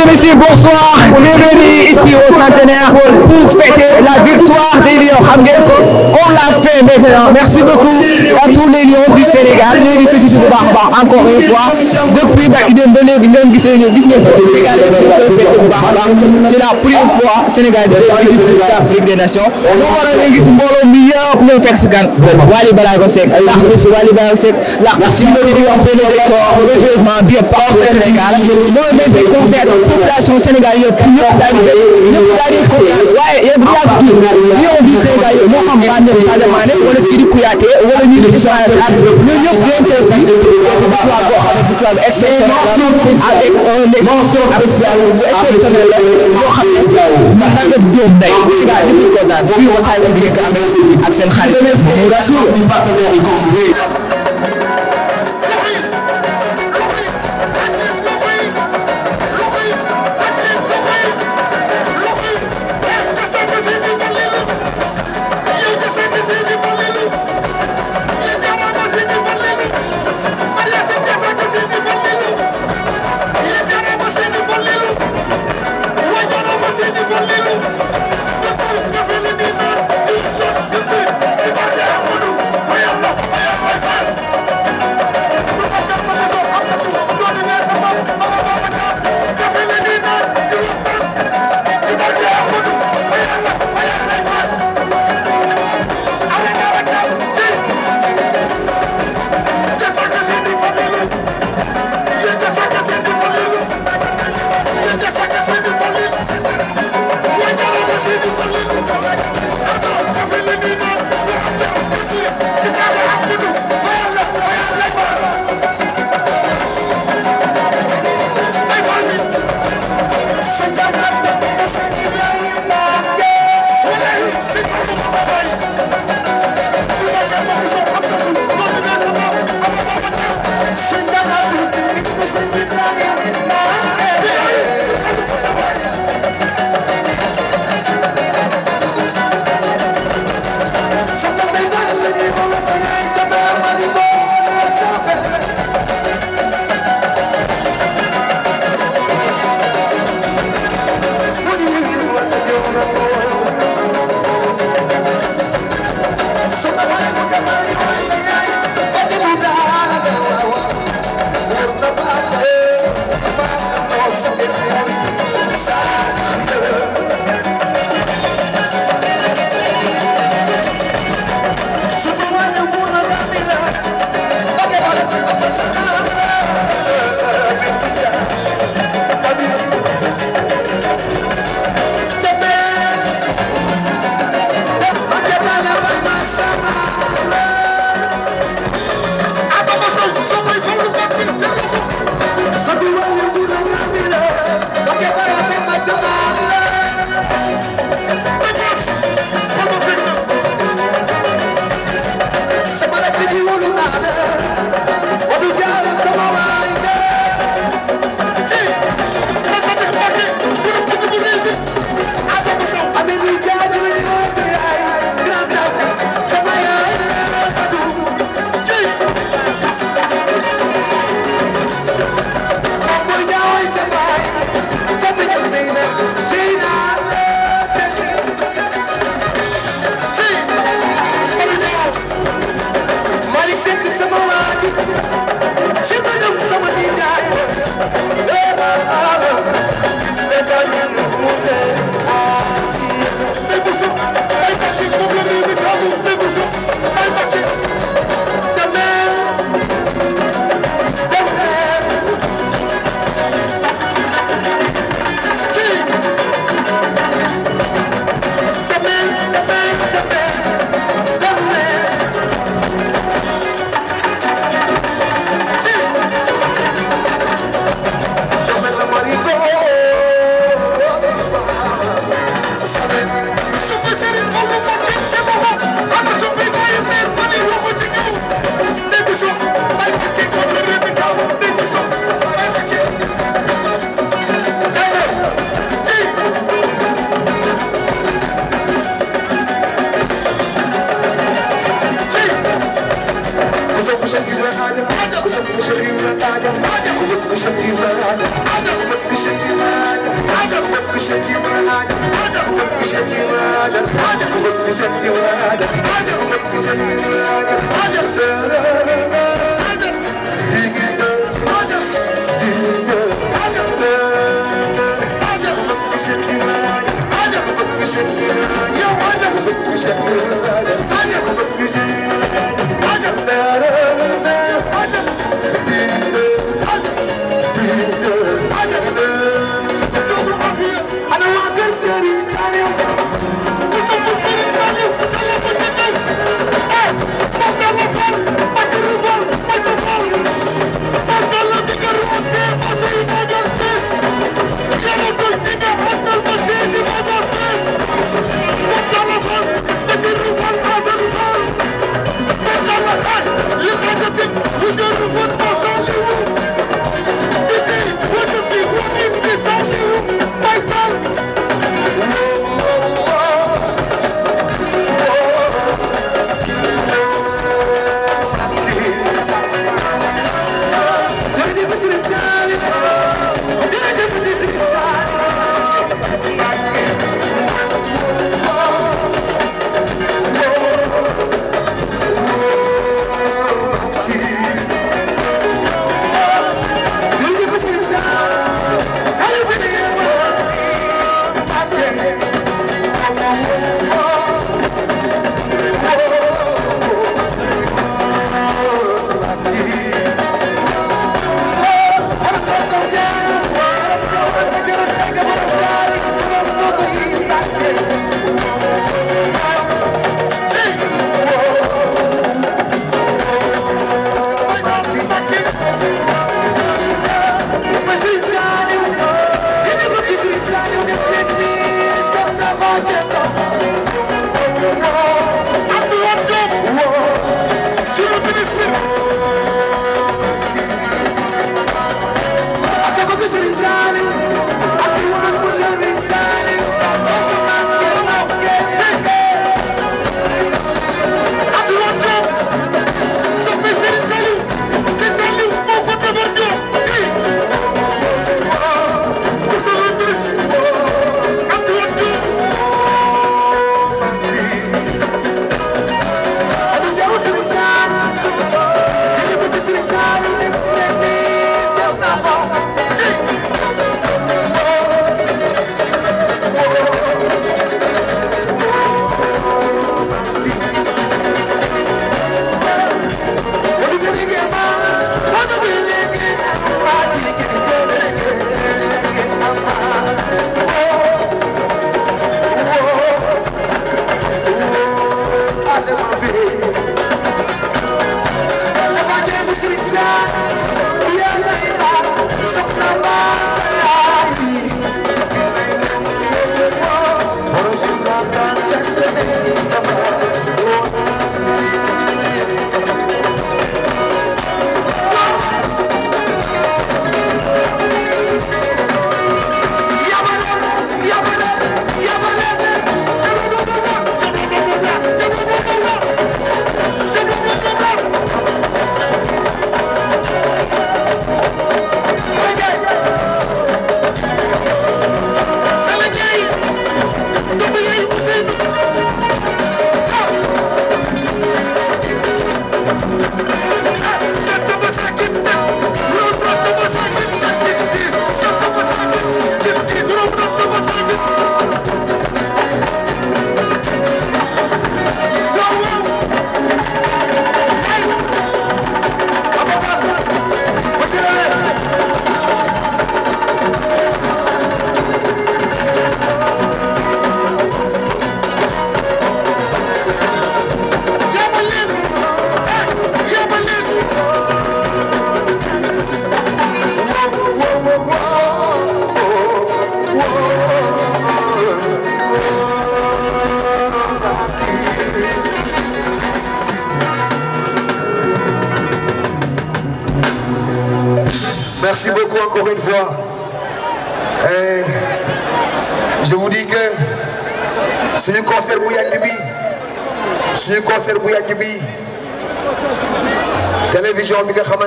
Mesdames et messieurs, bonsoir. On est venu ici au centenaire pour fêter la victoire des Lions. Xam ngeen ko, on l'a fait maintenant. Merci beaucoup à tous les Lions. Sénégal ñoo ngi félicité bu baax a baax encore une fois depuis bàkki démb ba léegi ngeen gisee ñu gis ngeen Sénégal bu baax a baax c'est la première fois Sénégal ci Afrique des Nations moo waral ngeen gis mbooloo mi yëpp ñoo fekk si gan Wally Ballago Seck l'artiste Wally Ballago Seck l'artiste religieusement bien partout Sénégal mooy même si concert population Sénégal yëpp ñëpp daal di ñëpp daal di ko waaye yëpp yaa ngi tudd ñëw bi Sénégal yëpp moo xam Bandel Sadio Mané wala Kidi Kouyaté wala ñu di Ismaïla ñun ñëpp ñoo koy sant di victoire boo xam ne victoire bi exceptionnelle avec un mention spéciale exceptionnelle boo xam ne sa tàngoor Diop tey xibaar yi ñu ko daan fii wasaay bi gis nga amee ak seen xarit.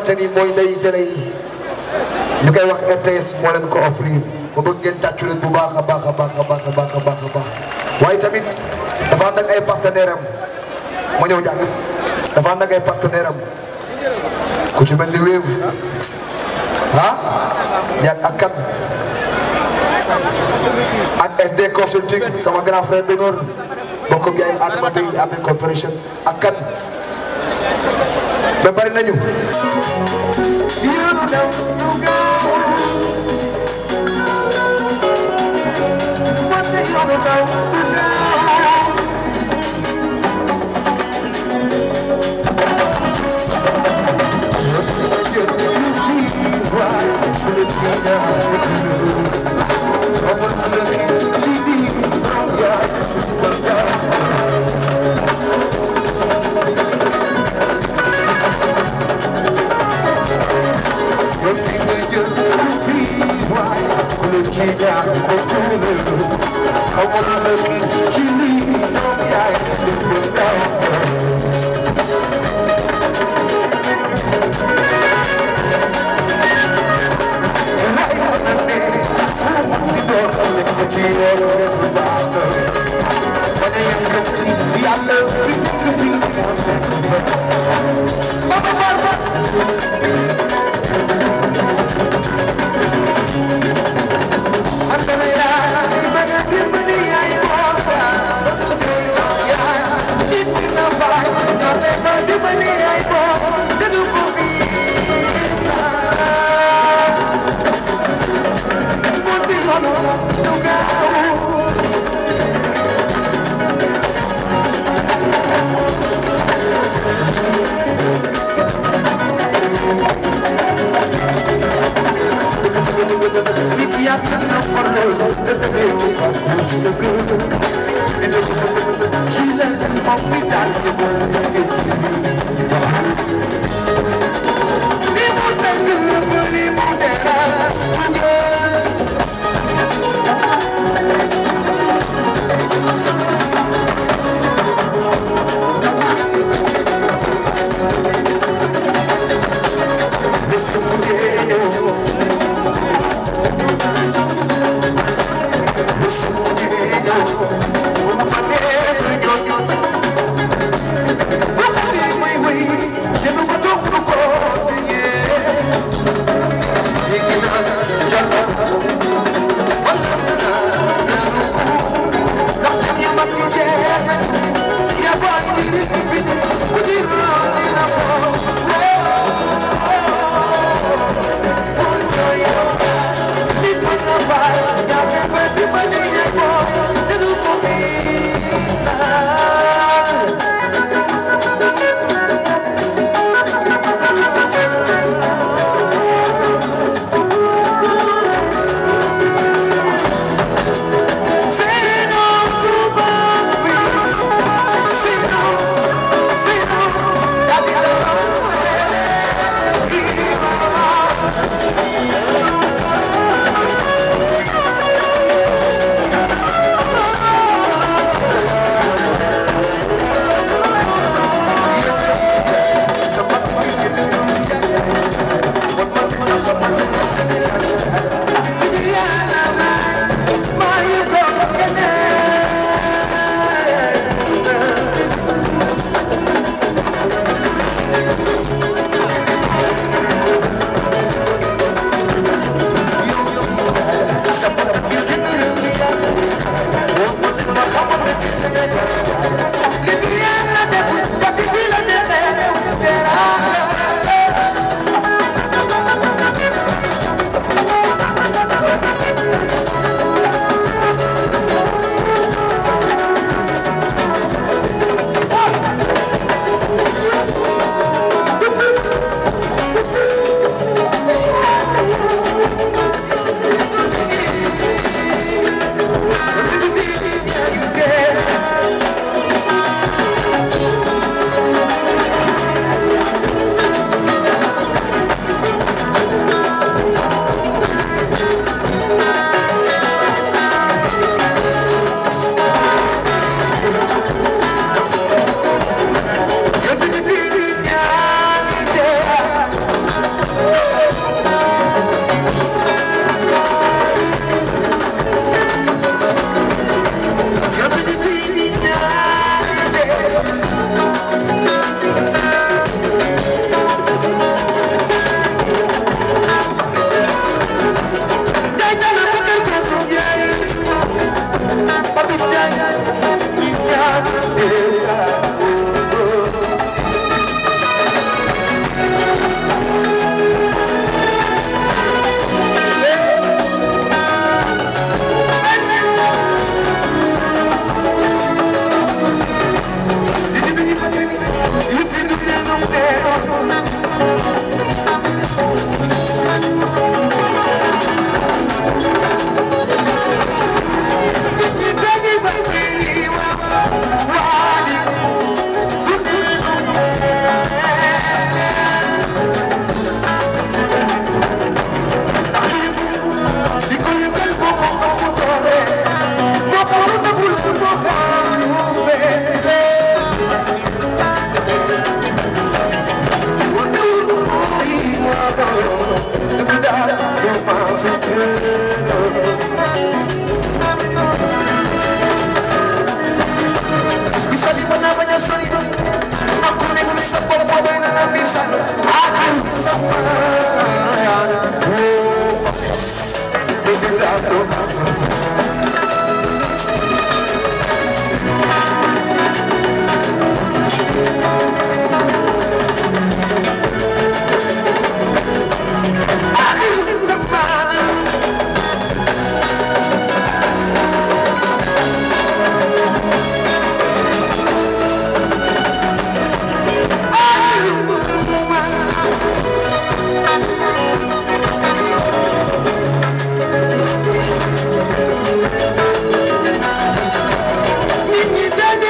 xamante ni mooy ndeyu télé yi ñu koy wax RTS moo leen ko offrir ba bëgg ngeen tàccu leen bu baax a baax a baax a baax a baax a baax a tamit dafa ànd ay partenaire moo ñëw jàkk dafa ànd ay partenaire ku ci mel ni Wave ah ñaag ak kan SD consulting sama grand frère d'honneur bokk ak yaayam Adama Bey Amé corporation ak ba bari nañu Yeah. mag ñi jeex nañ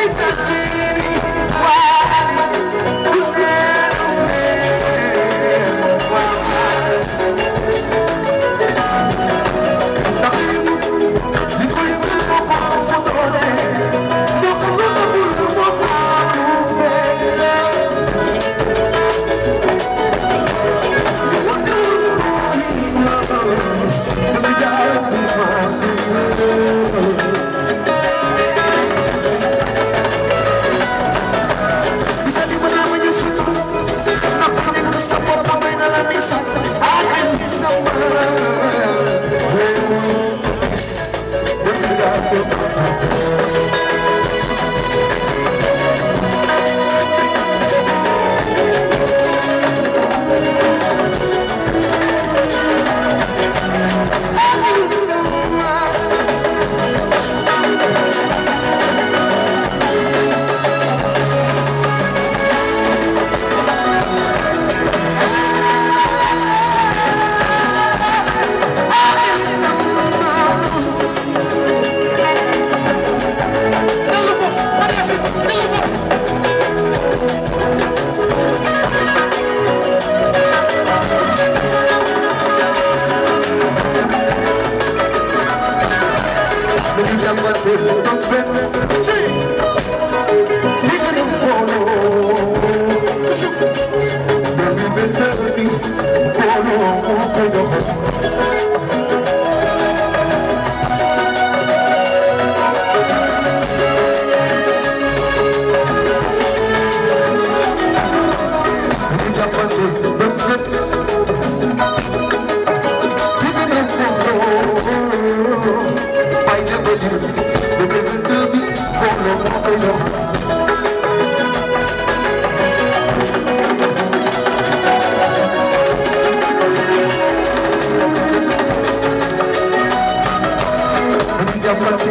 Baby, Look at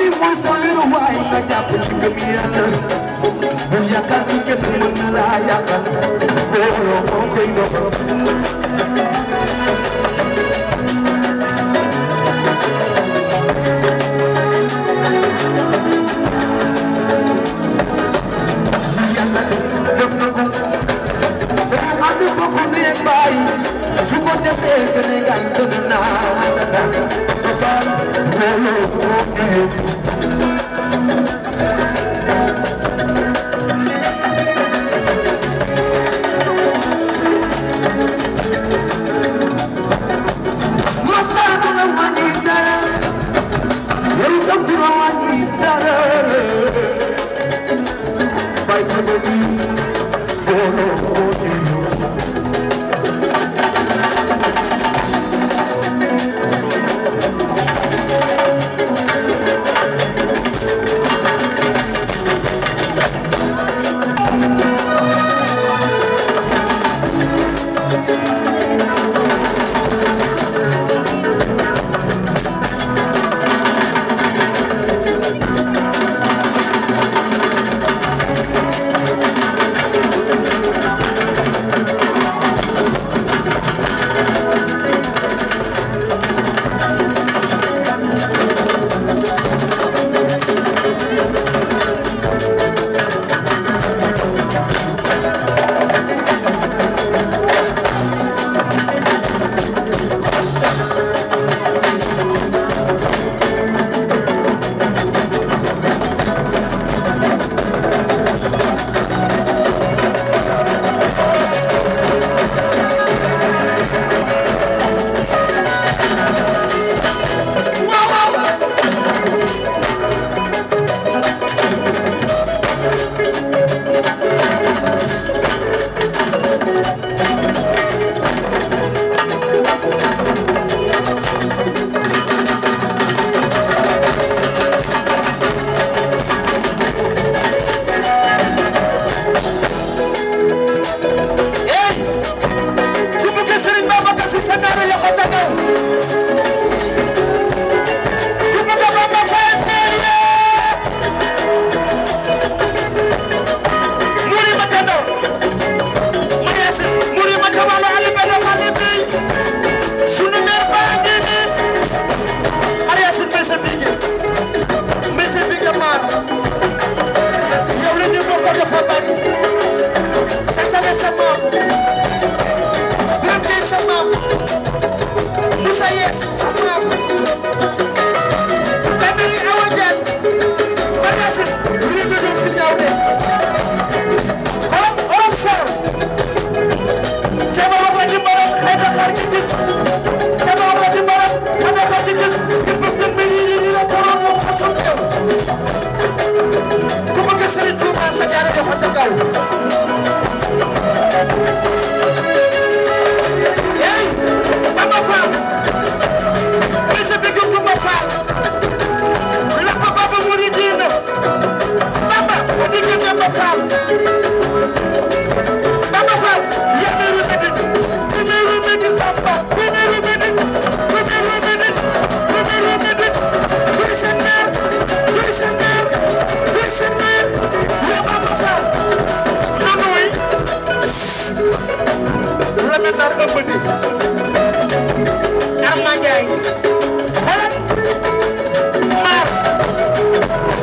me, my son, little white, I got what you give me, I love. yaakaar ci kenn mën na laa yaakaar booloo moo koy dox su ko defee Sénégal gën naa nar ëpp di Arma Ndiaye xelal maar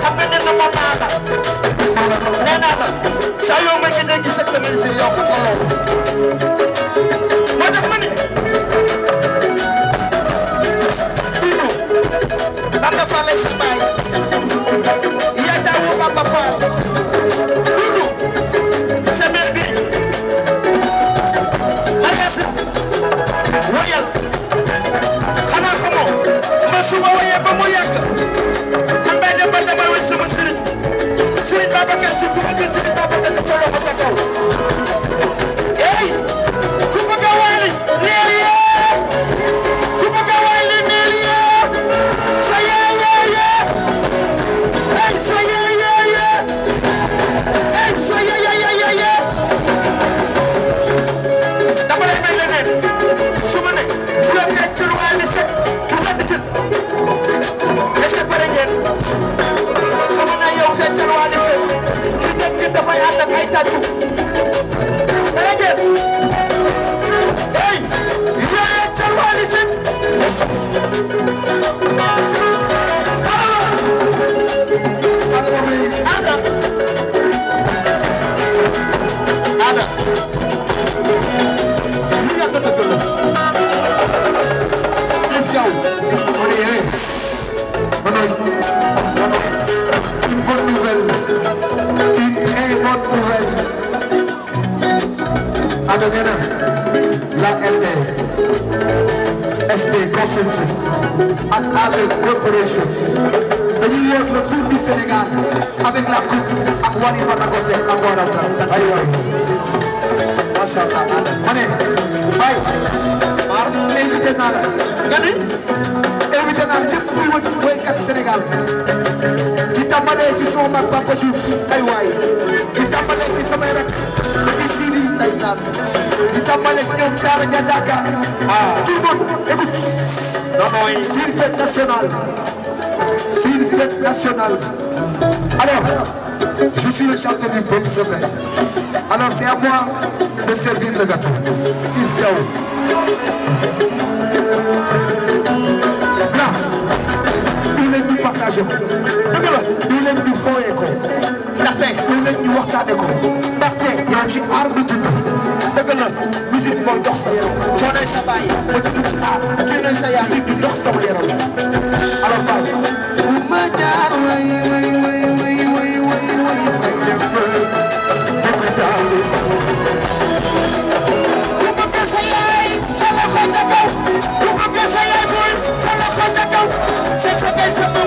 xam nga ne na ma naa la nee naa la saa yoo ma gëj a gis ak tamit si yokku toloo moo tax ma ne bii du da nga fàlle sa baay Ricardo FC a ak avec corporation a yor le coupe du Sénégal avec la coupe ak Wally Ballago Seck ak waram tan ay waay macha allah ma ne bay mar invité naa la nga ni invité naa képp kuy wëcc di tàmbalee ci sama mag Papa Diouf ay waay di tàmbalee ci di Siri ndeysaan di tàmbalee ci ñoom Talla Ndiazaka ah tout le monde écoute non non sur fête nationale sur fête Je suis le chanteur du peuple semaine. Alors c'est à moi de servir le gâteau. Yves Kao. Là, ñu leen di partagé ko. dëgg la ñu leen di fooyee ko. ndaxte ñu leen di waxtaane ko. ndaxte yaa ngi ci aar bu tudd. dox sa yaram. foo nay sa baay ba dugg ci aar. kii nay sa yaay musique di dox Yes,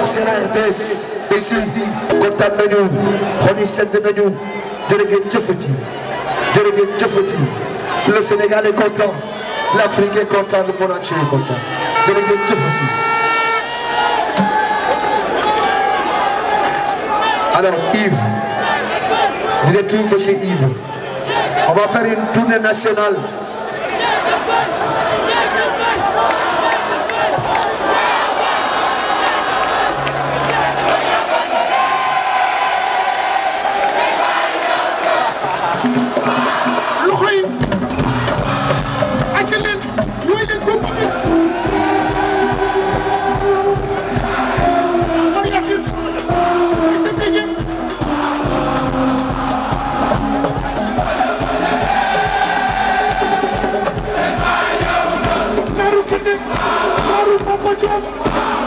ak seen RTS tey si kontaan nañu xol yi sedd nañu jërë ngeen jëfati jërë ngeen jëfati le Sénégal est content l'Afrique est content le monde entier est content jërë ngeen jëfati alors Yves vous question.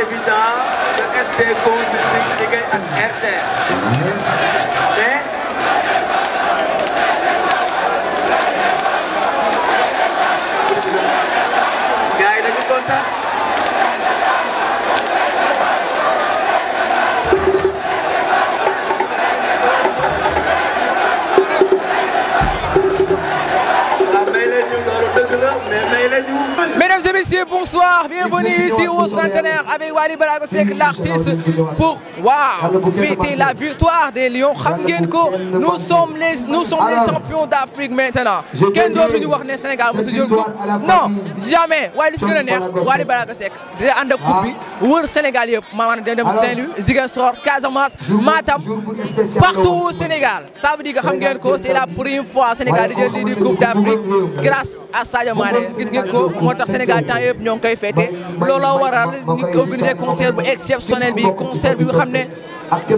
évident le ST constitue liggéey ak RTS bonsoir, bienvenue ici au centenaire avec Wally Ballago Seck l'artiste pour waaw fêter la victoire des Lions xam ngeen ko nous sommes les nous sommes les champions d'Afrique maintenant kenn dootu ñu wax ne Sénégal non jamais waaye lu ci gën a neex Wally Ballago Seck dina wër Sénégal yëpp maanaam dañu dem Saint-Louis Ziguinchor Casamance Matam partout au Sénégal ça veut dire que xam ngeen ko c'est la première Sénégal di jël lii di Coupe d'Afrique grâce à Sadio gis ngeen moo tax Sénégal temps yëpp ñoo ngi koy fêté looloo waral ñu organisé concert bu exceptionnel bi concert bi nga xam ne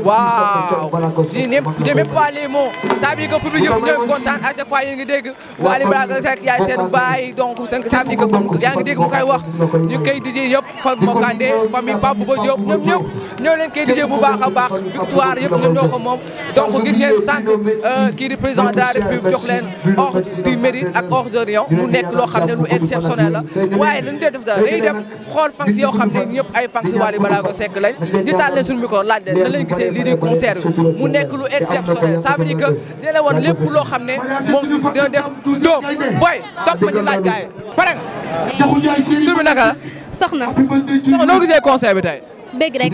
waaw di ñëpp j'ai même pas les mots ça veut dire que public yëpp ñooy kontaan a chaque fois yéen ngi dégg Wally Ballago Seck yaay seen baay donc ça veut dire que yaa ngi dégg mu koy wax ñu koy dijee yëpp fa Mokande famille Pape Ba Diop ñoom ñëpp leen koy dijee bu baax a baax victoire yëpp ñoo ko moom donc gis ngeen sànq euh, kii di président de jox leen ordre du mérite ak ordre de mu nekk loo xam ne lu exceptionnel waaye lu ñu dee def da dem xool fans yoo xam ne ñëpp ay fans ngeen gisee lii di concert mu nekk lu exceptionnel ça veut dire que dina la woon lépp xam ne moom dina def doom booy topp ma laaj gaay pare nga tur bi naka soxna soxna noo gisee concert bi tey rek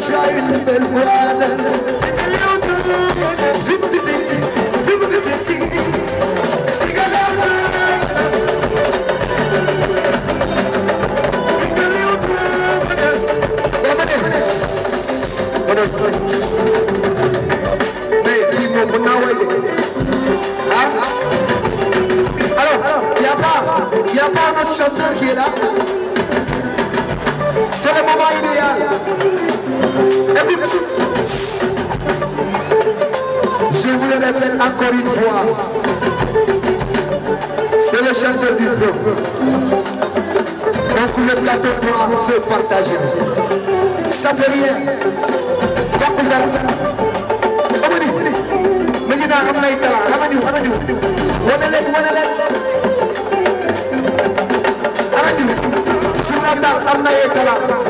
trying to build water. mais kii moom mën naa way de ah alors y a pas y a pas un autre chanteur qui est là c'est le moment idéal écoute je vous le répète encore une fois c'est le chanteur du peuple donc le plateau doit se partager ça fait rien yàqul dara dama ni mi ngi naan am nay talent dama ni ana ñu wane leen wane leen ana ñu su am na ay talent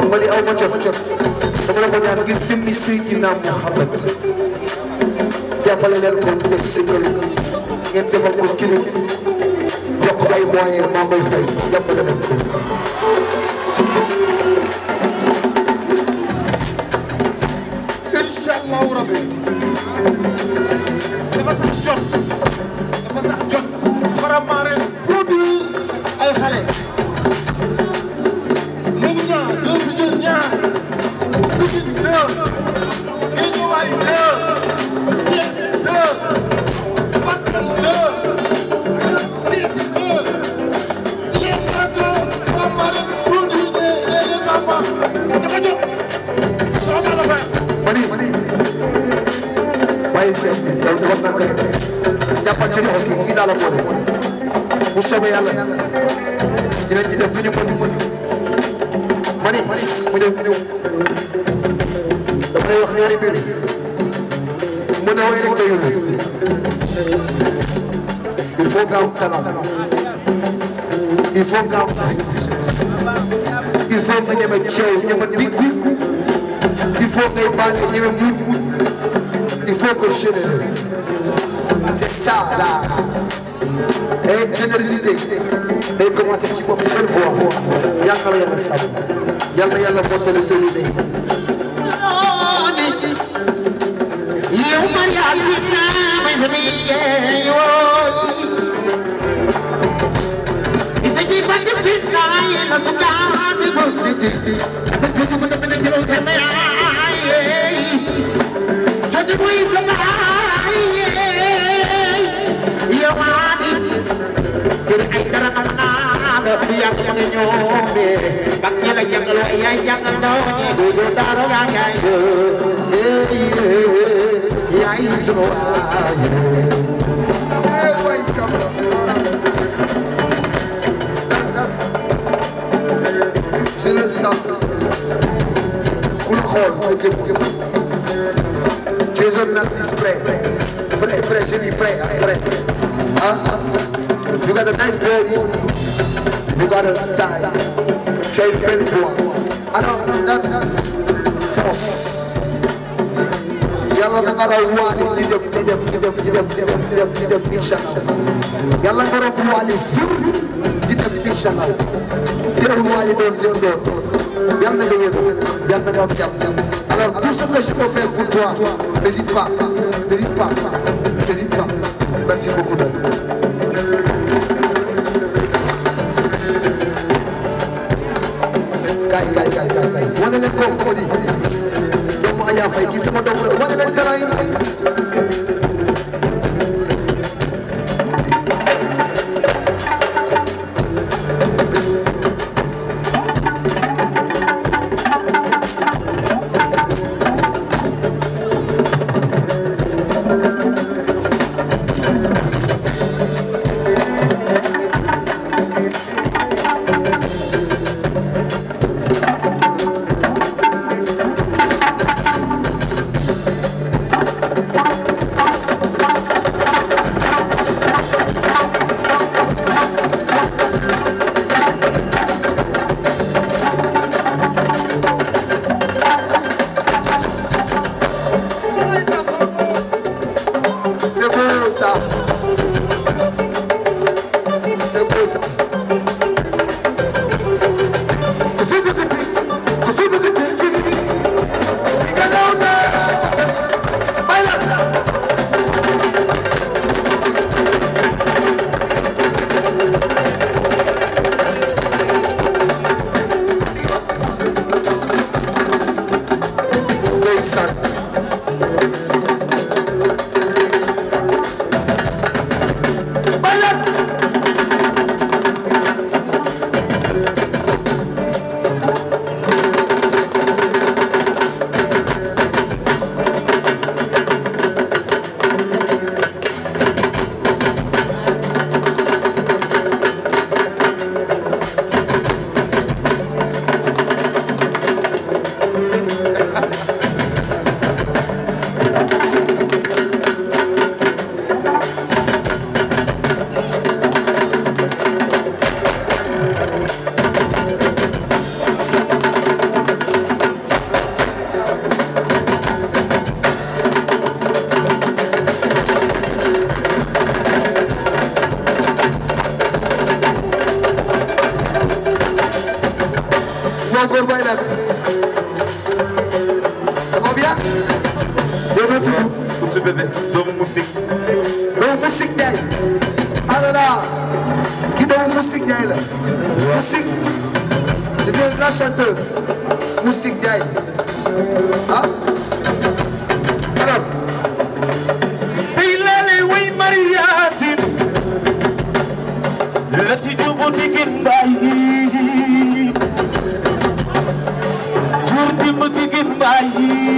xam nga ni aw ma jot dama la ko ñaan ngir dimbi Seydina Muhammad jàppale leen ko mu def si kër ngeen defal ko kii jox ko ay moyen maa ngi fay jàppale leen ko incha allahu rabbi ay sees yow defas naa kër jàppal ci loxo kii kii daal la boole bu soobee yàlla dinañ ci def lu ñu mën ma ni mu ñëw mu ñëw dama lay wax ñaari mbir mën a way rek doyul il faut nga am talent il faut nga am il faut nga ñeme coow ñeme dikku il faut ngay baale ñeme muut proportionnel. C'est ça la et générosité day commencé ci bopp seen bopp yàlla na yàlla sàmm yàlla na yàlla mottali seen liggéey. Thank you. Je le sens. Cool, cool, c'est les autres artistes prêts prêts prêts je dis prêts prêts ah you got a nice body you got a style tu as une belle voix alors force yàlla na nga raw waale di dem di dem di dem di dem di dem di dem incha allah yàlla nga raw waale incha allah loolu moo ñu doon lim doon yal na nga wér yal na nga am jàmm alors tout ce que je peux faire pour toi n'hésite pas n'hésite pas n'hésite pas merci beaucoup kay kay kay kay wane leen ko ko di doomu Aja Fay ki sama doom la wane leen dara yi Devletin Susu bebe Domu musik Domu musik day Alala Ki domu musik day la Musik C'était un grand chanteur Musik day Ah Alors Teylale way mariasin Lati jubu digin bayi Jur dimbu digin bayi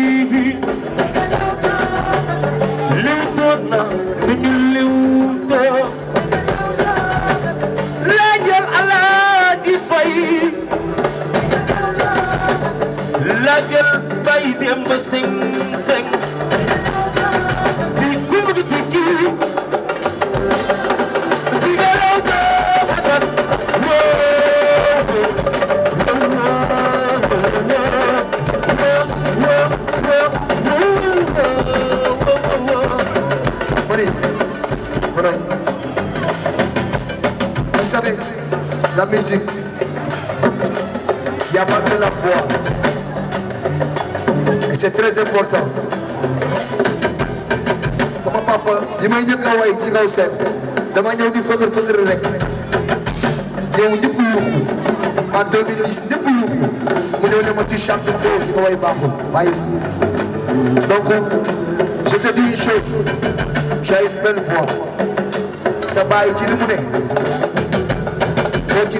musique. Il n'y a pas que la foi. Et c'est très sama papa li may njëkk a way ci kaw dama ñëw di fëgër fëgër rek ñëw ñëpp yuuxu en 2010 ñëpp yuuxu mu ñëw ne ma ci chante foo li ma way baaxul waaye donc je te dis une chose tu as sa baay ci li mu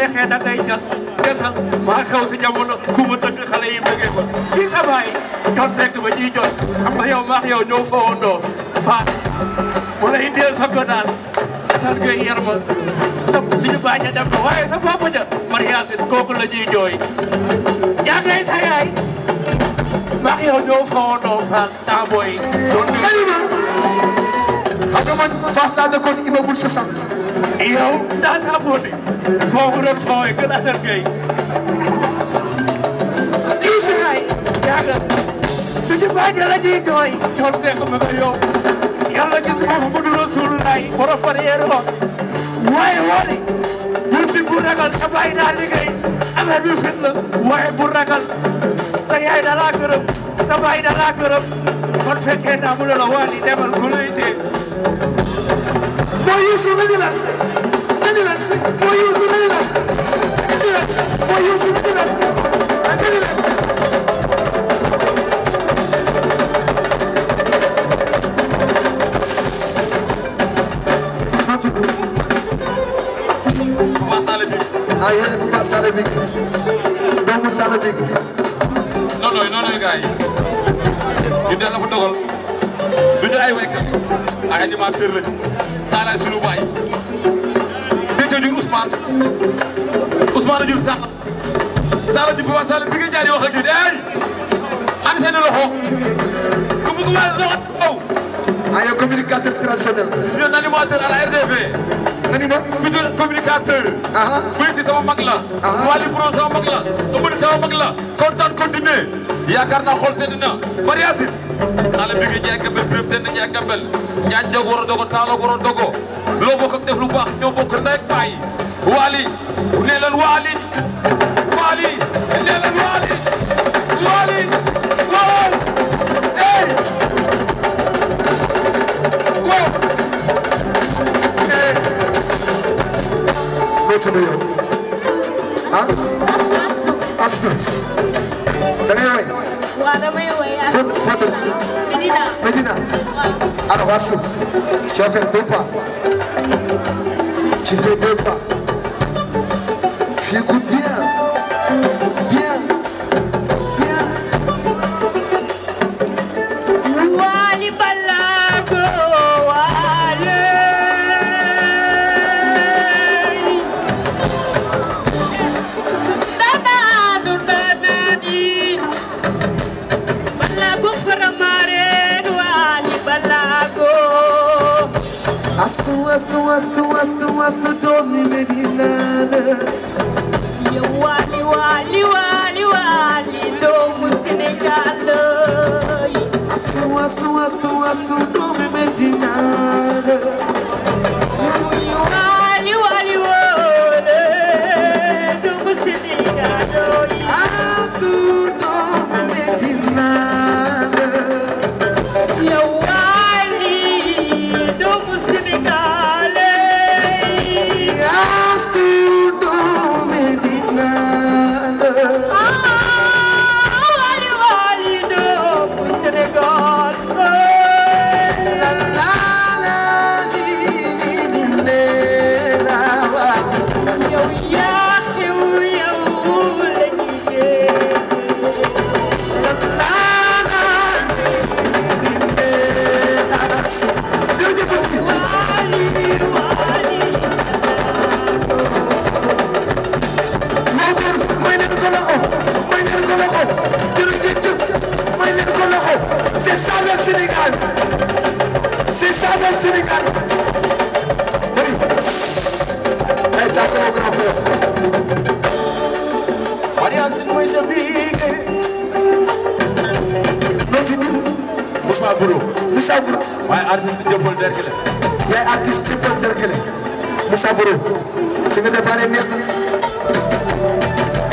neexee da ngay ñas ñasal maa xew si jamono ku ma tëgg xale yi bëggee ko ci sa baay jot sekk ba ñuy jot xam nga yow maax yow ñoo fowandoo faas mu lay deel sa godaas asal ngay yar ma sa ko waaye sa papa ja mariasin kooku la ñuy jooy yaa ngay sa yaay maax yow ñoo xam nga man Fass daa dëkkoon immeuble 60. yow daa saafoonte. foo ko doon foowee gën a seen kay. lii si xay. yàgg su ci baaj la ñuy jooy. tool seeko ma nga yow. yàlla gis nga moom Muhammadu Rasulullaay. borom fari yeeru wax. waaye woo de. bul di bu ragal sa bàyyi daa liggéey. affaire bi fit la. waaye bu ragal. sa yaay da laa gërëm. sa bàyyi da laa gërëm. kon fekkee naa mu ne la waa lii demal ku lay dee. mooy Youssou nañu la nañu la mooy Youssou nañu la nañu la mooy Youssou nañu la nañu la. ah yéen a ngi Paa Saloum doomu Saloum. non non non non gars yi. ñu def na ko dogal du ñu ay waykat ay animateur lañu Saalaay sunu baay Déthié jur Ousmane Ousmane a jur Saala Saala jur Papa Saala bi nga jaay di wax ak yéen ay ànd seen loxo ku bëgg waa loxo taw. ah yow communicateur traditionnel. je suis un animateur à la RDV. nga ni ma futur communicateur. ah ah. sama mag la. ah ah Wally Pro sama mag la. Amady sama mag la. kontaan continuer. yaakaar naa xool sedd na bari asin sale bi ten jaay kambel ñaan jog war a dogo taalo war dogo loo ak def baax ñoo bokk ndey ak baay waali ne leen waali waali ne leen waali waali waali ey Fodé Medina a vas-y tu vas faire deux pas tu wastu wastu wastu doomi Medina la ya wali wali wali wali doomu Sénégal la wastu wastu wastu wastu doomi Medina la wali wali wali doomu Sénégal la waaye artiste jëppal derkele yaay artiste jëppal derkele Moussa Boro fi nga déparé neex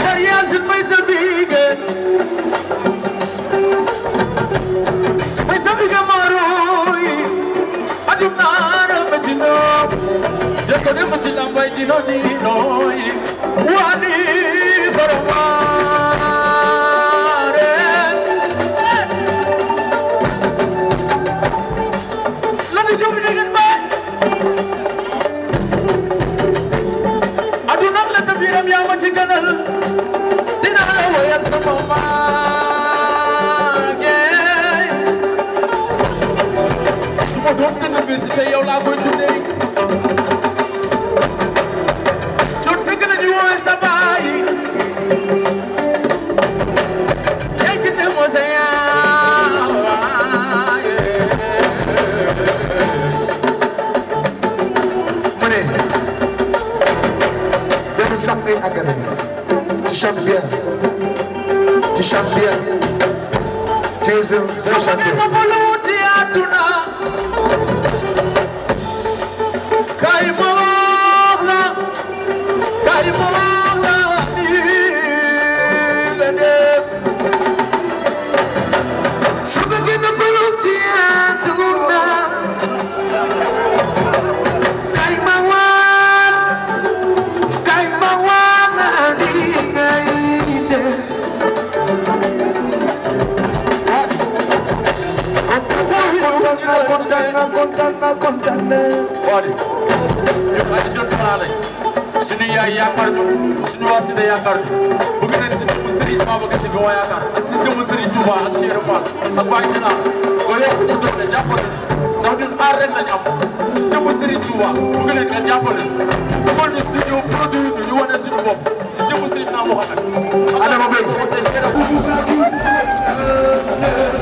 na yaasin may sa biige may sa biige maruy ajum naara ma ci noom jëkkëre ma ci lambay kese yow laa koy tuddee Thione Seck la ñu woowee sa baay yaay ci dem sa yaay mu ne benn sax ngay àggale ci champion ci champion tu es un chanteur naa kontaan naa kontaan naa. waa di ñun ay jeunes talent lañ suñu yaay yaakaar ñu suñu waa Sida yaakaar ñu bëgg nañ si jëmmu Serigne Babacar Sy bi waa yaakaar ak si jëmmu Serigne Touba ak Cheikh Fall ak waa Gisina loolu yëpp ñu doon ne jàppale ndax ñun aar ren lañ am jëmmu Serigne Touba bëgg nañ nga jàppale defal ñu studio produit ñu ñu wane suñu bopp si jëmmu Serigne naa waxal ak. Adama Mbengue.